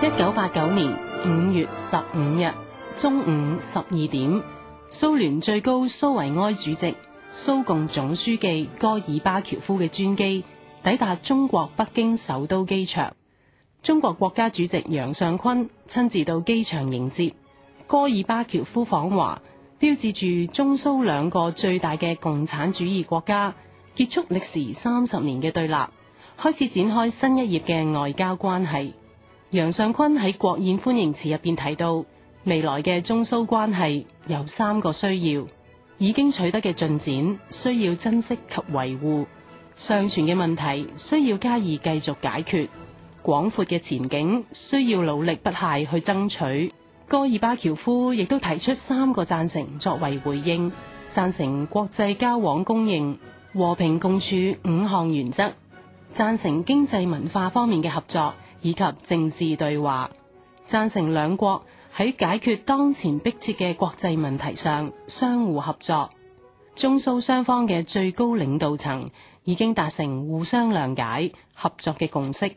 一九八九年五月十五日中午十二點，蘇聯最高蘇維埃主席、蘇共總書記戈爾巴喬夫嘅專機抵達中國北京首都機場。中國國家主席楊尚昆親自到機場迎接戈爾巴喬夫訪華，標誌住中蘇兩個最大嘅共產主義國家結束歷時三十年嘅對立，開始展開新一頁嘅外交關係。楊尚昆喺國宴歡迎詞入邊提到，未來嘅中蘇關係有三個需要，已經取得嘅進展需要珍惜及維護，尚存嘅問題需要加以繼續解決，廣闊嘅前景需要努力不懈去爭取。戈爾巴喬夫亦都提出三個贊成作為回應，贊成國際交往公認和平共處五項原則，贊成經濟文化方面嘅合作。以及政治對話，贊成兩國喺解決當前迫切嘅國際問題上相互合作。中蘇雙方嘅最高領導層已經達成互相諒解、合作嘅共識。